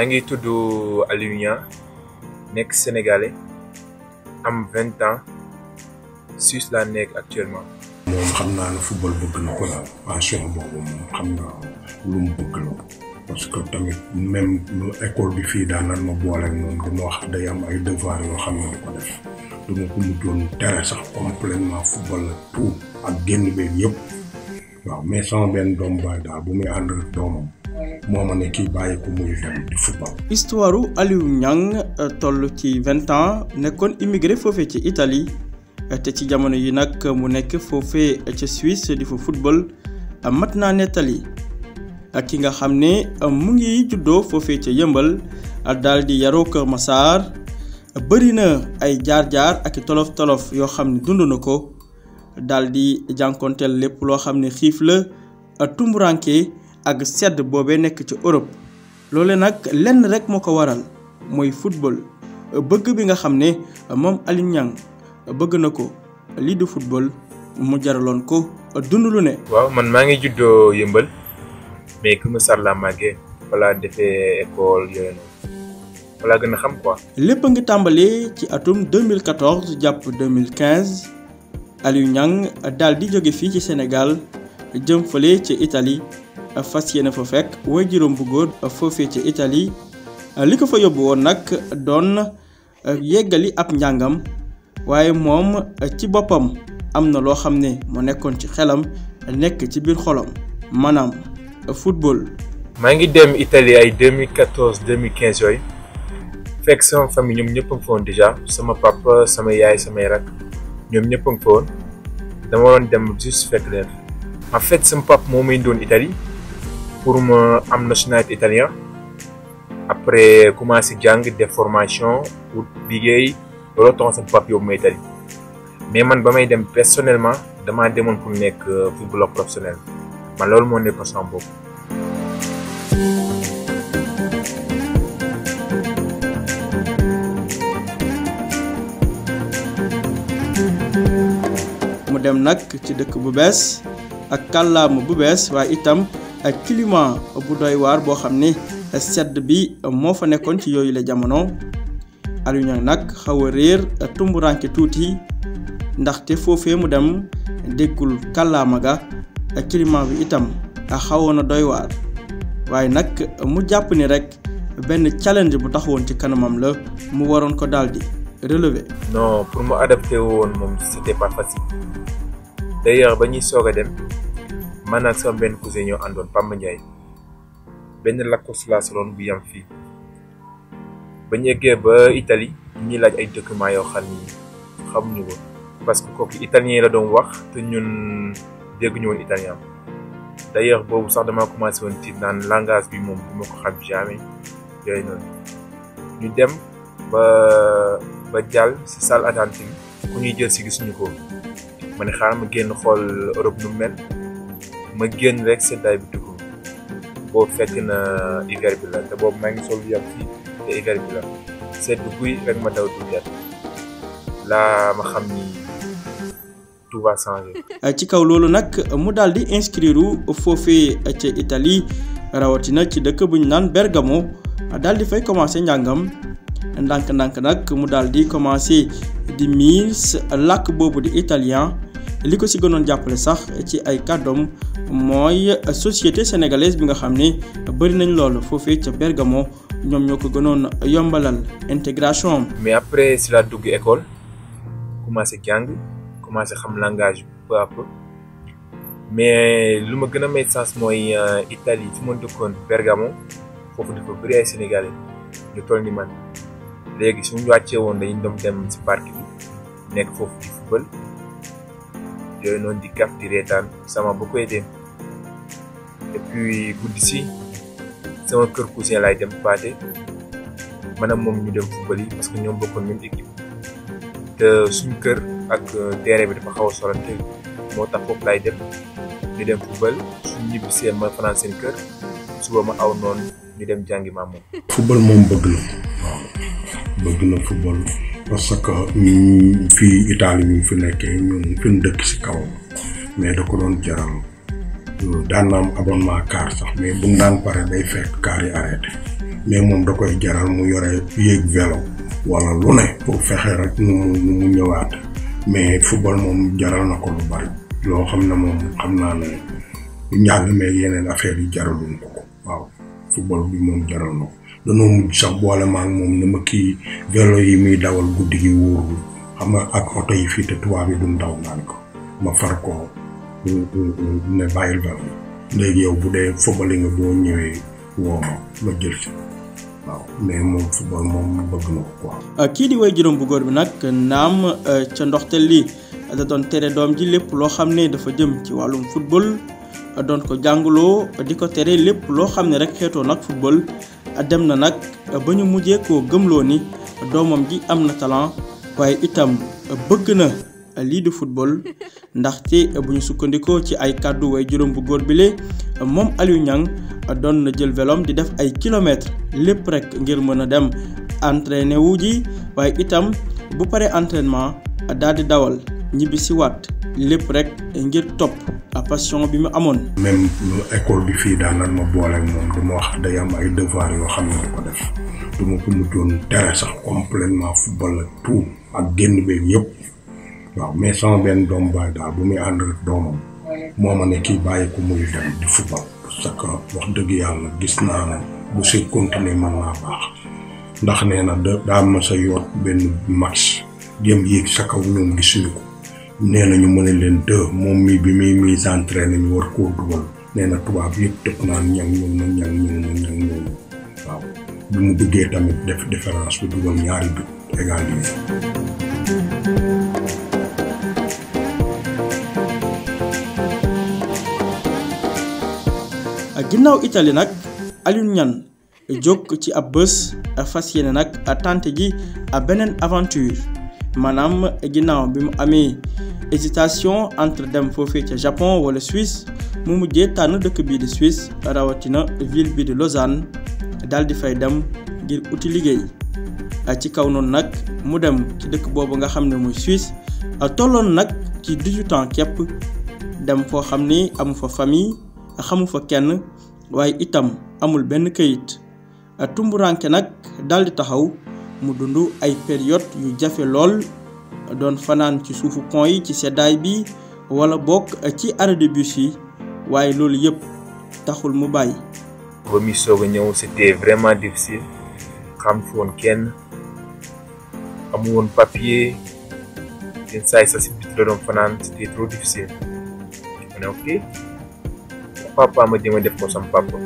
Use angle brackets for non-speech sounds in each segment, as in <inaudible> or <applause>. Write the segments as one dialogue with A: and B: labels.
A: mangi tudu alunya nek sénégalais am 20 ans Suisse la nek actuellement.
B: mom xamna na football bëgg na ko daal passion bobu mom xamna lu mu bëgg la parce que tamit même école bi fi da na ma bolé ak du wax day am ay devoir yo xamna ko def du ma ko mujjoon tere sax complètement football la tout ak genn bi yépp waaw mais sans ben doom baay daal bu muy ànd ak doomam. moo ma ne kii
C: euh, toll ci vingt ans nekkoon immigré foofee ci Italie euh, te ci jamono yi nag mu nekk foofee ca Suisse di fa football euh, mat naa nettali ak ki nga xam ne mu ngi juddoo foofee ca yëmbal daal di yaroo Kër Massar bëri na ay jaar-jaar ak tolof-tolof yoo xam ne dund na ko daal di jànkonteel lépp loo xam ne xiif la tumuranke ak sedd boobee nekk ci Europe loole nag lenn rek moo ko waral mooy football bëgg bi nga xam ne moom Niang bëgg na ko lii football mu jaraloon ko dund lu ne.
A: waaw man maa ngi juddoo yëmbal mais Kër sar la màggee wala defee école yooyu noonu wala gën xam quoi.
C: lépp ngi tàmbalee ci atum 2014 jàpp 2015 Aliou Niang daal di jóge fii ci Sénégal jëm fële ci Italie. fas yéene fa fekk way juróom bu góor foofee ca Italie li ko fa yóbbu woon nag doon eh, yeggali ab njàngam waaye moom eh, ci boppam am na loo xam ne mu nekkoon ci xelam nekk ci biir xolam maanaam eh, football. maa ngi dem Italie ay 2014 2015 yooyu fekk sama famille ñoom ñëpp ngi
A: fa déjà sama papa sama yaay samay rak ñoom ñëpp a ngi fa dama waroon dem juste fekk leen en fait sama papa moo may doon Italie pour ma am nationalité italien après commencer jang des formation pour liggéey looloo taxoon papier au yóbbu Italie mais man bamay dem personnellement damaa demoon pour nek euh, footballeur professionnel man loolu moo nekkoon sama bopp.
C: mu dem nak ci dëkk bu bess ak kàllaama bu bess waaye itam climat bu doy waar sedd bi fa ci jamono alu nag xaw a réer tumburanke tuuti ndaxte foofee mu dem déggul kàllaama ga climat bi itam xawoon doy waar mu jàpp ni rek challenge bu taxawoon ci kanamam la mu waroon ko daal relever.
A: non pour moi, adapter c'était pas facile d'ailleurs manal sama ben cousin ñoo àndoon Pamba ben la lakkos laa soloon bu yam fi ba ñu ba Italie ñi laaj ay document yo xamni xamnu ko parce que kooku italien la doon wax te ñun ñu won italien d'ailleurs bobu sax dama commencé won ti nan langage bi mom bu mako xam jamais yooyu non ñu dem ba ba dal ci salle attente ku ñuy jël si gisuñu ko mané ne xaaral ma génn xool Europe nu mel ma génn rek seddaay bi dugg boobu fekk na hiver la sedd guy rek ma daw duggaat laa ma xam ni tout changer.
C: <laughs> ci kaw loolu nag mu daal di inscrire foofee ca Italie rawatina ci dëkk buñ naan Bergamo daal di fay commencé njàngam ndànk-ndànk nag mu daal di commencé di miis làkk boobu di italien. li ko ci gënoon jàppale sax ci ay kàddoom mooy société sénégalaise bi nga xam ne bëri nañ lool foofee ca Bergamo ñoom ñoo ko gënoon yombalal intégration mais
A: après si la dugg école commencé jàng commencé xam langage peu à peu mais lu ma gën a may sens mooy euh, Italie fi ma dëkkoon Bergamo foofu dafa bëri ay sénégalais ñu toll ni man léegi ñu wàccee woon dañu doon dem si parc bi nekk foofu football. yooyu non di kaf di retan sama beaucoup ya, aidé et puis guddi sama kër cousin laay dem paate man ak moom ñu dem football yi parce que ñoom bokkoon même équipe te suñu kër ak terrain bi dafa xaw a sorante moo tax foofu laay dem ñu dem football suñ ñibbisee ma fanaan seen kër suba ma aw non, dem football
B: parce que ñun fii Italie ñu fi nekkee ñun fi ñu si kaw mais da ko doon jaral daan na am abonnement car sax mais bu mu pare day fekk car yi mais moom da koy jaral mu yore yéeg vélo wala lu ne pour fexe rek nu nu mu ñëwaat mais football moom jaral na ko lu bari loo xam ne moom xam naa ne njàng mais yeneen affaire yi jaraluñ ko ko waaw football bi moom jaral na ko. danoo mujj sax boole ma moom ne ma kii vélo yi muy dawal guddi gi wóorul xam nga ak oto yi fii te tubaab yi duñ daw ko ma far ko ne bàyyil vélo léegi yow bu dee fobali nga boo ñëwee woo ma ma jël si waaw mais moom football moom bëgg na ko quoi.
C: Euh, kii di way juróom bu bi nag naam euh, ca ndoxteel lii da doon tere doom ji lépp loo xam ne dafa jëm ci wàllum football doon ko jàngaloo di ko tere lépp loo xam ne rek xeetoo nag football. dem na nag ba ñu mujjee koo gëmloo ni doomam ji am talent waaye itam bëgg na lii football ndaxte bu ñu sukkandikoo ci ay kàddu way juróom bu góor bile moom Aliou Niang doon na jël velom di def ay kilomètres lépp rek ngir mën a dem entraîné wu ji itam bu paree entraînement daal di dawal wat lepp rek ngir top a passion bi mu amone même
B: école bi fi daan nan ma boole mom dama wax day am ay devoir yo xam ko def dama ko mu doon tere sax complètement football ak tout ak genn beeg yëpp waaw mais sans ben dom ba da bu muy and rek doomam moma ne ki baye ko muy dem di football parce que wax deug yalla gis na na bu si continuer man naa bax ndax nee da ma sa yott ben match jëm yéeg sa kaw ñoom gisunu ko nee nañu mu ne leen deux moom mi bi muy mise en train ñu war koo dugal nee tubaab yëpp tëb naan ñang ñëw na ñang ñëw waaw bi mu duggee tamit def différence bi dugal ñaari but égaliser
C: ah, ginnaaw Italie nag Alioune Niane jóg ci ab bés fas yéene nag tànt ji beneen aventure Manam ginaaw bi mu hésitation entre dem foofee Japon wala Suisse mu mujjee di Suisse rawatina ville bi di Lausanne de di fay dem ngir uti liggéey ci kaw noonu nag mu dem ci nga xam ne Suisse tolloon nag ci 18 ans képp dem foo xam amu famille itam amul benn këyit mu dund ay période yu jafe lool doon fanaan ci suufu pont yi ci seddaay bi wala bokk ci arrêt de bus yi waaye loolu yëpp taxul mu bàyyi.
A: ba muy soog a ñëw c'était vraiment difficile xam fi woon kenn amu woon papier yenn saa yi sa si biti la doon fanaan c'était trop difficile ma ne ok papa ma jéem def ko sama papa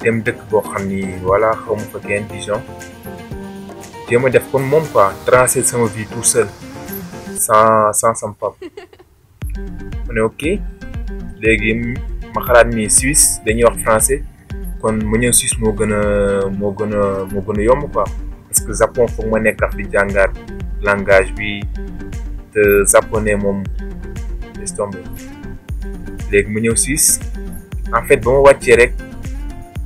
A: dem dëkk boo xam ni voilà xaw ma fa kenn Dijon ma def comme moom quoi tracer sa vie tout seul ça, ça sama pap mu ne ok léegi ma xalaat ni Suisse dañuy wax français kon ma ñëw Suisse moo gën a moo gën a moo gën a yomb quoi parce que japon foog ma nekk di jàngaat langage bi te japonais moom laisse tomber léegi ma ñëw Suisse en fait ba ma wàccee rek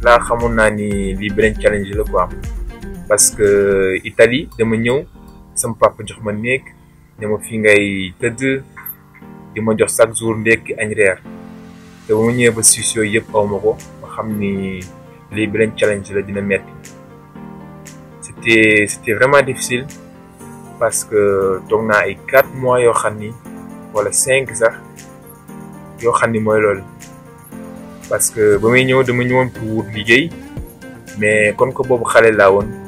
A: laa xamoon naa ni lii beneen challenge la quoi parce que Italie dama ñëw sama papa jox ma néeg ne ma fi ngay tëdd di ma jox chaque jour Nek añ reer te ba ma ñëwee ba suisse yooyu yëpp aw ma ko ma xam challenge la dina metti c'était c'était vraiment difficile parce que toog naa ay quatre mois yoo xam ni wala cinq sax yoo xam ni mooy parce que ba may ñëw dama ñëwoon pour liggéey mais comme ko boobu xale l'a woon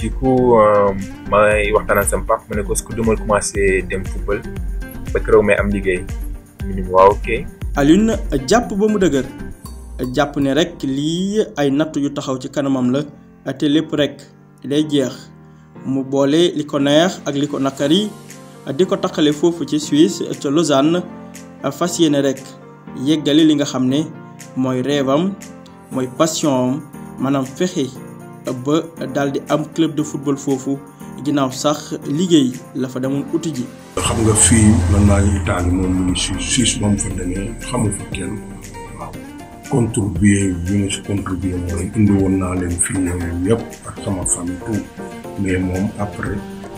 A: du coup euh, may waxtaan ak sama papa ma ne ko est-ce que commencé dem football ba keroog may am liggéey mu ne waaw ok.
C: Alioune jàpp ba mu dëgër jàpp ne rek lii ay natt yu taxaw ci kanamam la te lépp rek day jeex mu boole li ko neex ak li ko nakari di ko takkale foofu ci Suisse ca Lausanne fas yéene rek yeggale li nga xam ne mooy rêve mooy passion am maanaam fexe. ba daal di am club de football foofu ginnaaw sax liggéey lafa fa demoon uti ji.
B: xam nga fii man maa ngi Italie moom mu ngi Suisse Suisse moom fa demee xamu fa kenn contribuer bi indi woon naa leen fii yëpp ak sama famille tout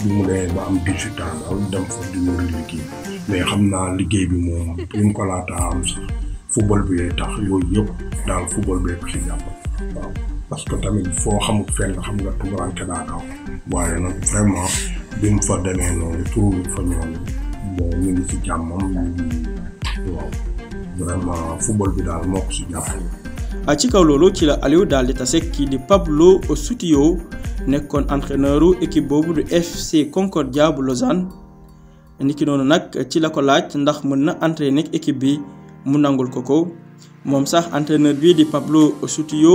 B: mu demee ba am 18 dem fa di wëri liggéey mais xam naa liggéey bi moom li mu ko laataa am sax football bi lay tax yooyu yëpp daal football bee ko si jàpp waaw. parce que tamit foo xamul fenn xam nga tumuranke naa daw waaye nag vraiment bi mu fa demee noonu turuñu fa ñooñu
C: bon ñu ngi ci jàmmam ñu ngi waaw vraiment football bi daal moo ko si jàppale a ah, ci kaw loolu ci la aliou daal di tase kii di pablo sutio nekkoon entraîneuru équipe boobu du fc concordia bu lausanne niki noonu nag ci la ko laaj ndax mën na entraîner équipe bi mu nangul ko ko moom sax entraîneur bi di pablo sutio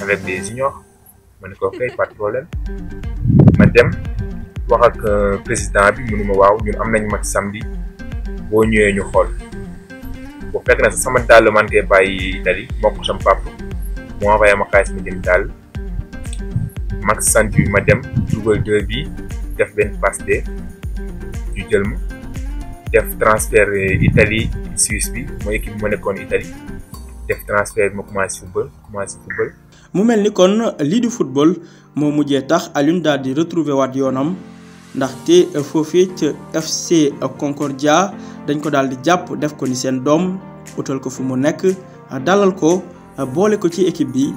A: avec des juniors ma ne ko kay pas problème ma dem wax euh, président bi mënuma waaw ñun am nañ match samedi boo ñëwee ñu xool bu fekk na sama dàll man kay bàyyi Italie moo ko sama papa mu envoyé ma ma jëm dàll match samedi ma dem dugal deux bi def benn passe de jël ma def transfert euh, Italie Suisse bi mooy équipe bi nekkoon Italie def transfert ma commencé football commencé football
C: mu mel ni kon lii di football moo mujjee tax Alioune daal di retrouver waat yoonam ndaxte foofee ca FC Concordia dañ ko daal di jàpp def ko ni seen doom utal ko fu mu nekk dalal ko boole ko ci équipe bi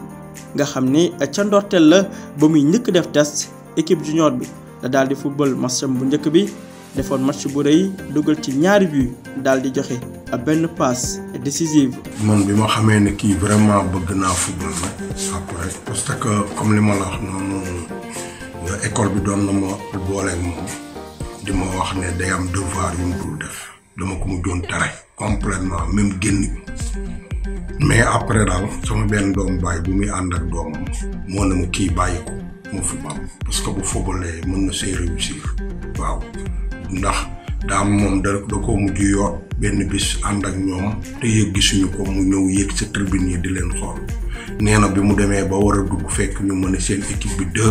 C: nga xam ne ca ndorteel la ba muy njëkk def test équipe junior bi da daal di football match bu njëkk bi defoon match bu rëy dugal ci ñaari but daal di joxe benn passe décisive. man
B: bi ma xamee ne kii vraiment bëgg naa football nag après parce que comme li ma la wax noonu école bi doon na ma booleeg moom di ma wax ne day am devoir yu mu dul def dama ko mujjoon tere complètement même génn mais après daal sama benn doom bàyyi bu muy ànd ak doomam moo ne ma kii bàyyi ko mu football parce que bu footballee mën na say réussir waaw ndax. daam moom da da ko mujj yoot benn bis ànd ak ñoom te yëg gisuñu ko mu ñëw yéeg sa tribune yi di leen xool nee bi mu demee ba war a dugg fekk ñu mën a seen équipe bi dë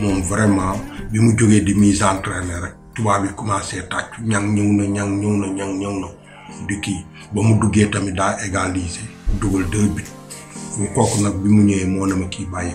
B: moom vraiment bi mu jógee di mise entraîné rek tubaab yi commencé tàcc ñang ñëw na ñang ñëw na ñang ñëw na di kii ba mu duggee tamit daa égaliser dugal deux buts kooku nag bi mu ñëwee moo na ma kii bàyyi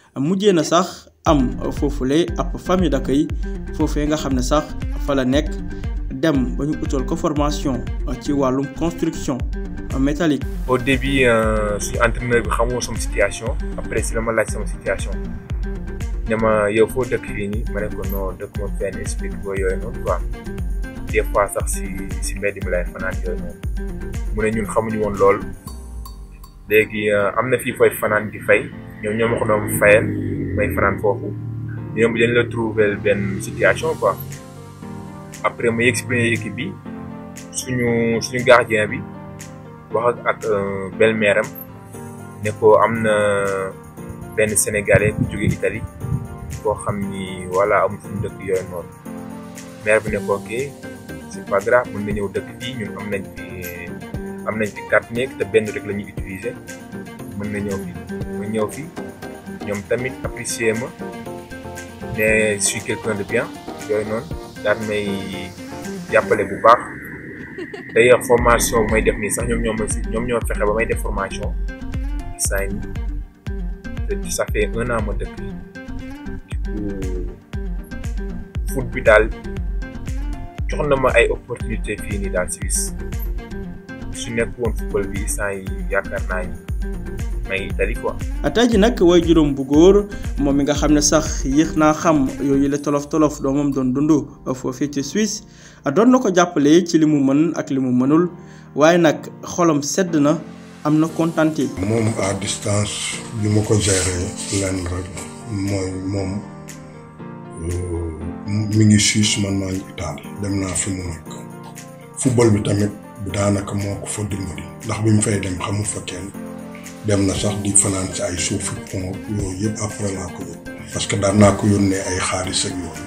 C: mujjee na sax am foofule ab famille d'accueil fofé nga xamné sax fa la nekk dem bañu outol ko formation ci walum construction métallique. au début
A: euh, suñu entraîneur bi xamou sama situation après si la laj sama situation dama ma yow foo dëkk fii nii ma ko non dëkk moom fenn explique ko yooyu noonu quoi des fois sax si si mbedd mi lay fanaan yooyu noonu mu ne ñun xamuñu woon lool léegi euh, am na fii fay fanaan di fay ñoom ñoo ma ko doon fayal may fanaan foofu ñoom dañ la trouver benn situation quoi après may expliquer équipe bi suñu suñu gardien bi wax ak euh, belle-mère am ne ko am na benn sénégalais bu jóge Italie koo xam ni voilà amul fu mu dëkk yooyu noonu mère bi ne ko ok c'est pas grave mën na ñëw dëkk fii ñun am nañ fi am nañ fi carte nekk te benn rek la ñuy utiliser mën na ñëw fii ñëw fi ñoom tamit apprécier ma ne je suis quelqu'un de bien yooyu noonu daal may jàppale bu baax d'ailleurs formation bu may def nii sax ñoom ñoo ma si ñoom ñoo fexe ba may def formation saa yi ça fait un an ma dëkk foot bi daal jox na ma ay opportunités fii nii daal Suisse su nekk woon football bi saa yi yaakaar
C: naa ni may tali nag way juróom bu góor moom mi nga xam ne sax yéex naa xam yooyu la tolof tolof doomam doon dund foofee ci Suisse doon na ko jàppale ci li mu mën ak li mu mënul waaye nag xolam sedd na am na kontante.
B: moom à distance li mu ko gérer lenn rek mooy moom euh, mi ngi Suisse man maa ngi Italie dem naa fi mu nekk football bi tamit daanaka moo ko fa dimbali ndax bi mu fay dem xamu fa kenn. dem na sax di fanaan ci ay suufu pont yooyu yëpp après laa ko yëg parce que daan naa ko yónnee ay xaalis ak yooyu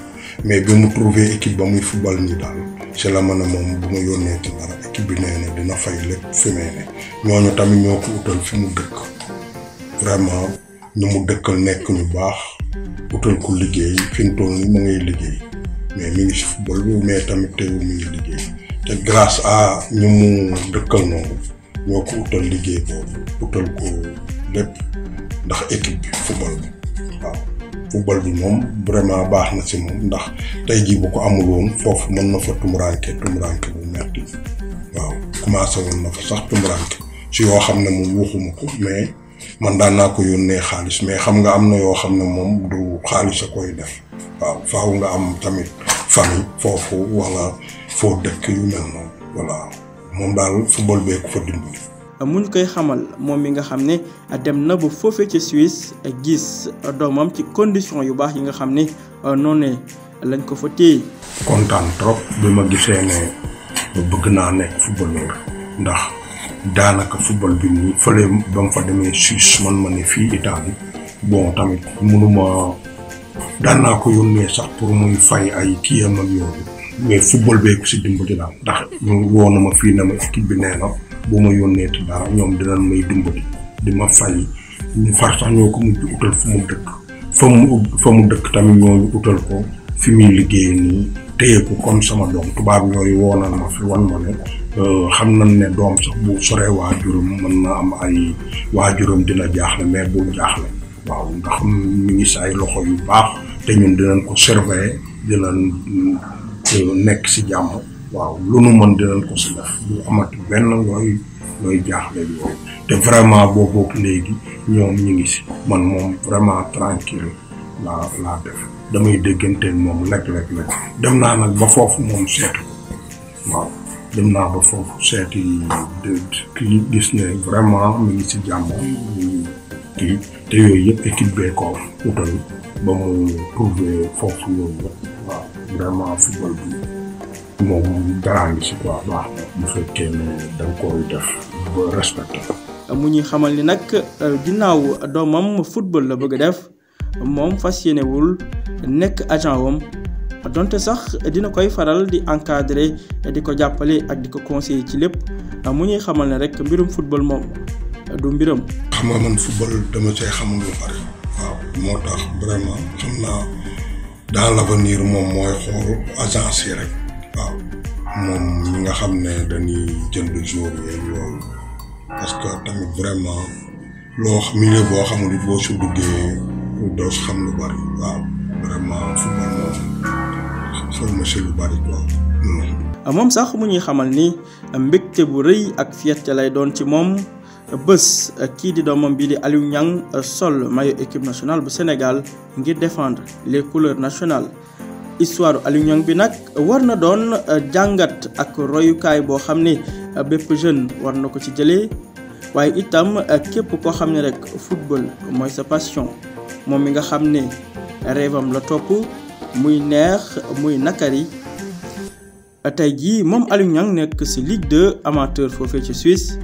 B: mais bi mu trouvé équipe ba muy football nii daal ci la mën a moom bu ma yónnee ci dara équipe bi nee na dina fay lépp fi ne ñooñu tamit ñoo ko utal fi mu dëkk vraiment ñu mu dëkkal nekk ñu baax utal ko liggéey fi mu toll mu ngay liggéey mais mi ngi si football bi mais tamit teewul mi ngi liggéey te grâce à ñu mu dëkkal noonu. ñoo ko utal liggéey boobu utal ko lépp ndax équipe bi football bi waaw football bi moom vraiment baax na si moom ndax tey jii bu ko amul woon foofu mën na fa tumuranke tumuranke bu sax tumuranke si yoo xam ne moom waxuma ko mais man daan naa ko yónnee xaalis mais xam nga am na yoo xam ne moom du xaalis a koy def waaw faaw nga am tamit famille foofu wala foo dëkk yu mel noonu voilà moom daal football bee ko fa dimbali.
C: muñ koy xamal moom mi nga xam ne dem na ba foofee ca ak gis doomam ci condition yu baax yi nga xam ni euh, noonu lañ ko fa téye.
B: kontaan trop bi ma gisee ne bëgg naa nekk footballeur ndax daanaka football bi nii fële ba mu fa demee Suisse man ma ne fii Italie bon tamit mënuma daan naa ko yónnee sax pour muy fay ay kii am yooyu. mais football bee si dimbali daal ndax ñu woo na ma fii na ma équipe bi nee na bu ma yónnee te dara ñoom dinañ may dimbali di ma fay ñu far sax ñoo ko mujj utal fu mu dëkk fa mu fa mu dëkk tamit ñooñu utal ko fi muy liggéey nii téye ko comme sama doom tubaab yooyu woo na ma fi wan ma euh, xam nañ ne doom sax bu soree waajuram mën na am ay waajuram dina jaaxle mais bul jaaxle waaw ndax mi ngi si loxo yu baax te ñun dinañ ko surveiller dinañ. nekk si jàmm waaw lu nu mën dinañ ko si def bu amat benn looy looy jaaxle yooyu te vraiment boobu léegi ñoom ñu ngi si man moom vraiment tranquille laa laa def damay dégganteen moom lekk-lekk lekk dem naa nag ba foofu moom seetu waaw dem naa ba foofu seeti kii gis ne vraiment mu ngi si jàmm kii te yooyu yëpp équipe bee ko utal ba mu trouvé foofu yooyu waaw vraiment football
C: mu ñuy xamal ni nag ginnaaw doomam football la bëgg a def moom fas yéenewul nekk agent wam donte sax dina koy faral di encadrer di ko jàppale ak di ko conseiller ci lépp mu ñuy xamal ne rek mbirum football moom du mbiram.
B: xam man football dama see xamul lu bari. waaw moo tax vraiment xam naa. dans l'avenir moom mooy xool agence yi rek waaw moom ñi nga xam ne dañuy jënd jour yooyu loolu parce que tamit vraiment loo milieu boo xamul boo su duggee doo xam lu bari waaw
C: vraiment football moom si lu bari quoi.
B: Hmm.
C: moom sax mu ñuy xamal ni mbégte bu rëy ak fierté lay doon ci moom. Bus kii di doomam bii di Aliou ñang sol maillot équipe nationale bu Sénégal ngir défendre les couleurs nationales histoire Aliou bi euh, ak euh, jeune ko ci euh, football mooy sa passion nga la nakari Ligue 2 amateur foofee Suisse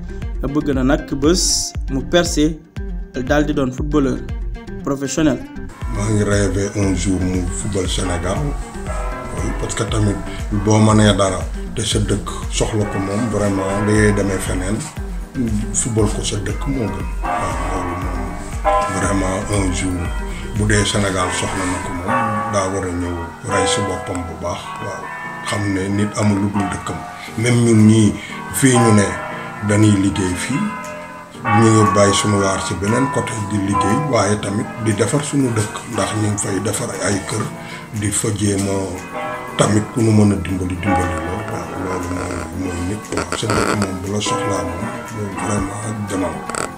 C: bëgg na nag bés mu percé daal di doon footballeur professionnel.
B: maa ngi rêvé un jour mu football Sénégal parce que tamit boo mënee dara te sa dëkk soxla ko moom vraiment da ngay demee feneen football ko sa dëkk moo gën. loolu moom vraiment un jour bu dee Sénégal soxla na ko moom daa war a ñëw rey si boppam bu baax waaw xam ne nit amul lu dul dëkkam même ñun ñii fii ñu ne. dañuy liggéey fii ñu ngi bàyyi suñu waar si beneen côté di liggéey waaye tamit di defar suñu dëkk ndax ñu ngi fay defar ay kër di fa jéem tamit ku nu mën a dimbali dimbali lool waaw loolu mooy mooy nit sa dëkk moom bu la soxlaa moom loolu vraiment ak demal